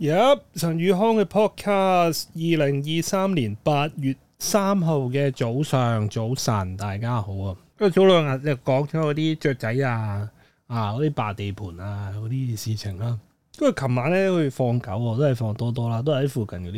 Yep，陳宇康嘅 podcast，二零二三年八月三號嘅早上早晨，大家好啊！因為早兩日就講咗嗰啲雀仔啊，啊嗰啲霸地盤啊嗰啲事情啦、啊。因為琴晚咧，佢放狗，都係放多多啦，都係喺附近嗰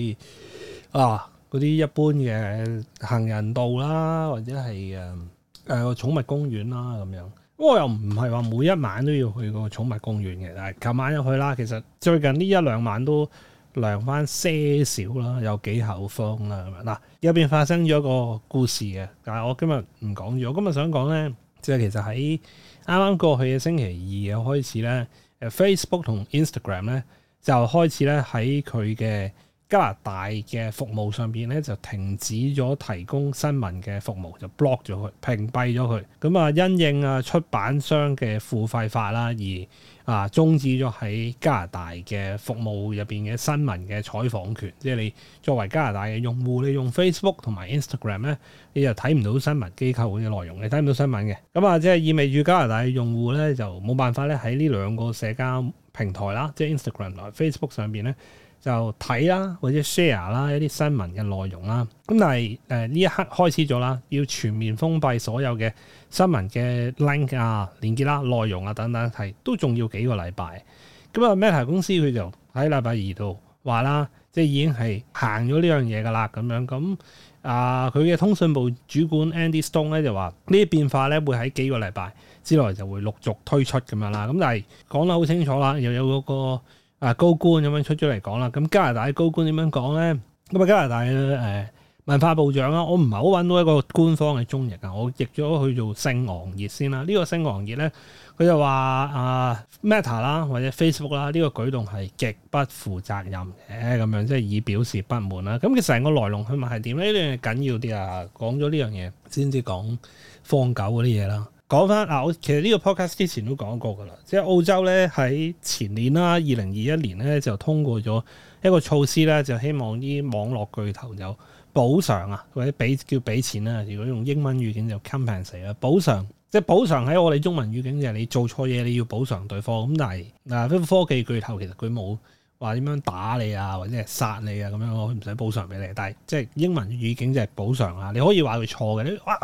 啲啊，嗰啲一般嘅行人道啦、啊，或者係誒誒個寵物公園啦咁樣。哦、不，我又唔係話每一晚都要去個寵物公園嘅，但係琴晚入去啦。其實最近呢一兩晚都涼翻些少啦，有幾口風啦。咁啊，嗱入邊發生咗個故事嘅，但係我今日唔講咗，今日想講咧，即係其實喺啱啱過去嘅星期二嘅開始咧，誒 Facebook 同 Instagram 咧就開始咧喺佢嘅加拿大嘅服務上邊咧就停止咗提供新聞嘅服務，就 block 咗佢，屏蔽咗佢。咁啊，因應啊出版商嘅付費法啦，而啊中止咗喺加拿大嘅服務入邊嘅新聞嘅採訪權。即係你作為加拿大嘅用戶，你用 Facebook 同埋 Instagram 咧，你就睇唔到新聞機構嘅內容，你睇唔到新聞嘅。咁啊，即係意味住加拿大嘅用戶咧就冇辦法咧喺呢兩個社交平台啦，即係 Instagram 同 Facebook 上邊咧。就睇啦，或者 share 啦，一啲新聞嘅內容啦。咁但係誒呢一刻開始咗啦，要全面封閉所有嘅新聞嘅 link 啊、連結啦、啊、內容啊等等，係都仲要幾個禮拜。咁啊 Meta 公司佢就喺禮拜二度話啦，即係已經係行咗呢樣嘢噶啦咁樣。咁啊佢嘅通訊部主管 Andy Stone 咧就話呢啲變化咧會喺幾個禮拜之內就會陸續推出咁樣啦。咁但係講得好清楚啦，又有嗰個。啊高官咁樣出咗嚟講啦，咁加拿大高官點樣講咧？咁啊加拿大嘅文化部長啊，我唔係好揾到一個官方嘅中譯、這個、啊，我譯咗佢做星昂熱先啦。呢個星昂熱咧，佢就話啊 Meta 啦或者 Facebook 啦，呢、這個舉動係極不負責任嘅，咁樣即係以表示不滿啦。咁其實成個來龍去脈係點咧？呢樣嘢緊要啲啊，講咗呢樣嘢先至講放狗嗰啲嘢啦。講翻嗱，我其實呢個 podcast 之前都講過㗎啦，即係澳洲咧，喺前年啦，二零二一年咧就通過咗一個措施咧，就希望啲網絡巨頭有補償啊，或者俾叫俾錢啦。如果用英文語境就 compensate 啦，補償即係補償喺我哋中文語境就係、你做錯嘢你要補償對方咁，但係嗱、呢個、科技巨頭其實佢冇話點樣打你啊，或者係殺你啊咁樣，我唔使補償俾你。但係即係英文語境就係補償啊，你可以話佢錯嘅，哇！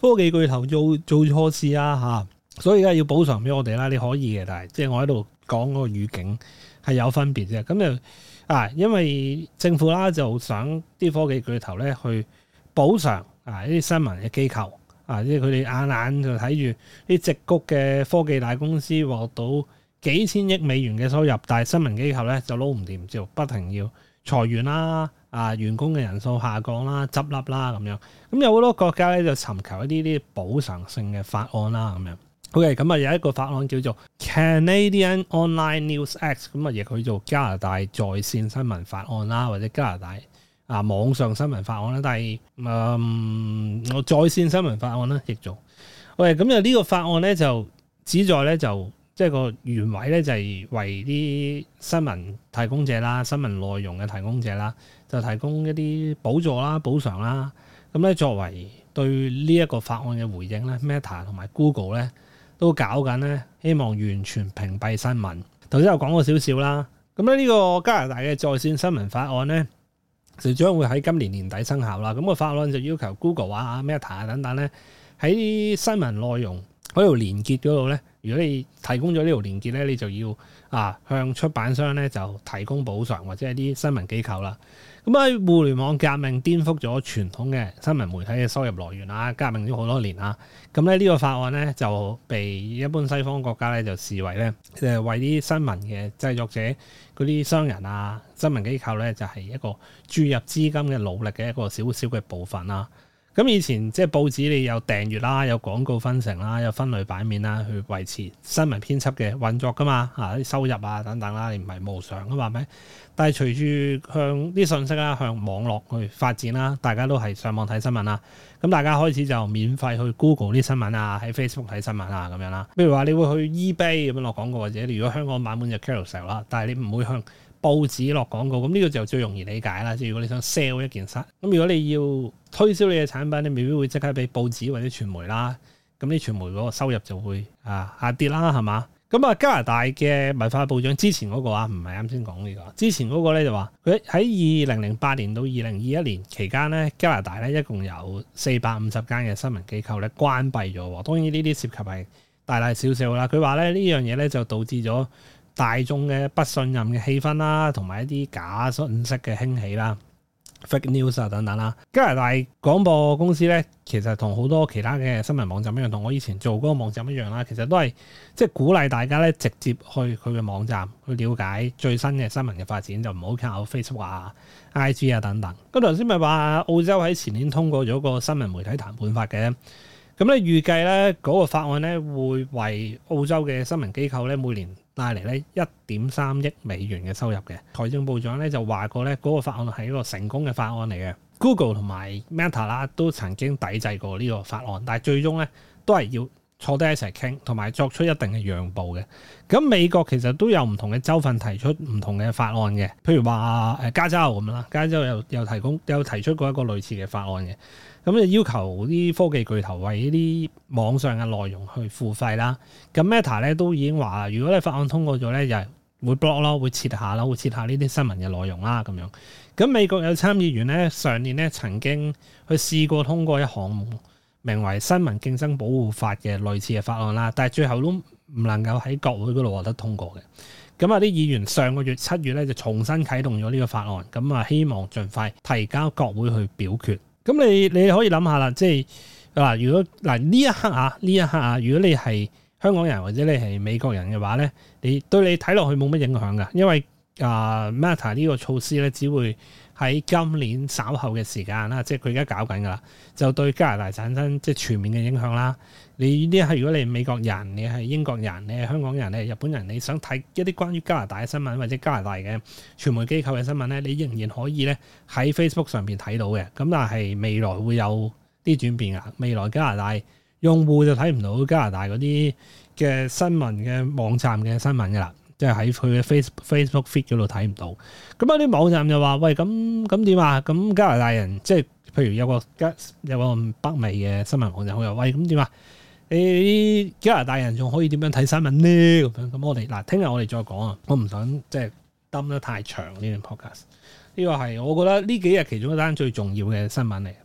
科技巨頭做做錯事啊嚇，所以而家要補償俾我哋啦。你可以嘅，但係即係我喺度講嗰個語境係有分別啫。咁就啊，因為政府啦就想啲科技巨頭咧去補償啊，呢啲新聞嘅機構啊，即係佢哋眼眼就睇住啲矽谷嘅科技大公司獲到。幾千億美元嘅收入，但係新聞機構咧就撈唔掂招，不停要裁員啦，啊、呃、員工嘅人數下降啦，執笠啦咁樣。咁、嗯、有好多國家咧就尋求一啲啲補償性嘅法案啦咁樣。OK，咁啊有一個法案叫做 Canadian Online News Act，咁啊亦佢做加拿大在線新聞法案啦，或者加拿大啊網上新聞法案啦，但係嗯我在線新聞法案咧亦做。喂，咁就呢個法案咧就旨在咧就。即係個原委咧，就係、是、為啲新聞提供者啦、新聞內容嘅提供者啦，就提供一啲補助啦、補償啦。咁、嗯、咧作為對呢一個法案嘅回應咧，Meta 同埋 Google 咧都搞緊咧，希望完全屏蔽新聞。頭先我講過少少啦。咁咧呢個加拿大嘅在線新聞法案咧，就將會喺今年年底生效啦。咁、這個法案就要求 Google 啊、Meta 啊等等咧，喺新聞內容。喺條連結嗰度咧，如果你提供咗呢條連結咧，你就要啊，向出版商咧就提供補償，或者係啲新聞機構啦。咁喺互聯網革命顛覆咗傳統嘅新聞媒體嘅收入來源啊，革命咗好多年啦。咁咧呢個法案咧就被一般西方國家咧就視為咧誒，為啲新聞嘅製作者、嗰啲商人啊、新聞機構咧，就係一個注入資金嘅努力嘅一個小小嘅部分啦。咁以前即係報紙，你有訂閱啦，有廣告分成啦，有分類版面啦，去維持新聞編輯嘅運作噶嘛嚇、啊、收入啊等等啦，你唔係無償噶嘛係咪？但係隨住向啲信息啦，向網絡去發展啦，大家都係上網睇新聞啦。咁大家開始就免費去 Google 啲新聞啊，喺 Facebook 睇新聞啊咁樣啦。譬如話你會去 eBay 咁樣落廣告，或者你如果香港版本就 Carousel 啦，但係你唔會向。報紙落廣告，咁呢個就最容易理解啦。即係如果你想 sell 一件衫，咁如果你要推銷你嘅產品，你未必會即刻俾報紙或者傳媒啦。咁啲傳媒嗰個收入就會啊下跌啦，係嘛？咁啊，加拿大嘅文化部長之前嗰個啊，唔係啱先講呢個。之前嗰個咧就話佢喺二零零八年到二零二一年期間咧，加拿大咧一共有四百五十間嘅新聞機構咧關閉咗。當然呢啲涉及係大大小小啦。佢話咧呢樣嘢咧就導致咗。大眾嘅不信任嘅氣氛啦，同埋一啲假信息嘅興起啦，fake news 啊等等啦。加拿大廣播公司咧，其實同好多其他嘅新聞網站一樣，同我以前做嗰個網站一樣啦，其實都係即係鼓勵大家咧，直接去佢嘅網站去了解最新嘅新聞嘅發展，就唔好靠 Facebook 啊、IG 啊等等。咁頭先咪話澳洲喺前年通過咗個新聞媒體談判法嘅，咁咧預計咧嗰個法案咧會為澳洲嘅新聞機構咧每年。帶嚟咧一點三億美元嘅收入嘅，財政部長咧就話過咧嗰個法案係一個成功嘅法案嚟嘅，Google 同埋 Meta 啦都曾經抵制過呢個法案，但係最終咧都係要。坐低一齊傾，同埋作出一定嘅讓步嘅。咁美國其實都有唔同嘅州份提出唔同嘅法案嘅，譬如話誒加州咁樣啦，加州又又提供又提出過一個類似嘅法案嘅。咁就要求啲科技巨頭為呢啲網上嘅內容去付費啦。咁 Meta 咧都已經話，如果你法案通過咗咧，又係會 block 咯，會撤下咯，會撤下呢啲新聞嘅內容啦咁樣。咁美國有參議員咧上年咧曾經去試過通過一項。名為新聞競爭保護法嘅類似嘅法案啦，但係最後都唔能夠喺國會嗰度獲得通過嘅。咁啊，啲議員上個月七月咧就重新啟動咗呢個法案，咁啊希望盡快提交國會去表決。咁你你可以諗下啦，即係嗱，如果嗱呢一刻啊，呢一刻啊，如果你係香港人或者你係美國人嘅話咧，你對你睇落去冇乜影響噶，因為啊，呃，Meta 呢個措施咧只會。喺今年稍後嘅時間啦，即係佢而家搞緊㗎啦，就對加拿大產生即係全面嘅影響啦。你呢啲係如果你係美國人，你係英國人，你係香港人，你係日本人，你想睇一啲關於加拿大嘅新聞或者加拿大嘅傳媒機構嘅新聞咧，你仍然可以咧喺 Facebook 上邊睇到嘅。咁但係未來會有啲轉變啊！未來加拿大用戶就睇唔到加拿大嗰啲嘅新聞嘅網站嘅新聞㗎啦。即係喺佢嘅 face Facebook feed 嗰度睇唔到，咁有啲網站就話喂，咁咁點啊？咁加拿大人即係譬如有個有個北美嘅新聞網站就話喂，咁點啊？你、哎、加拿大人仲可以點樣睇新聞呢？」咁咁我哋嗱，聽日我哋再講啊！我唔想即係 d 得太長呢段 podcast。呢、這個係我覺得呢幾日其中一單最重要嘅新聞嚟。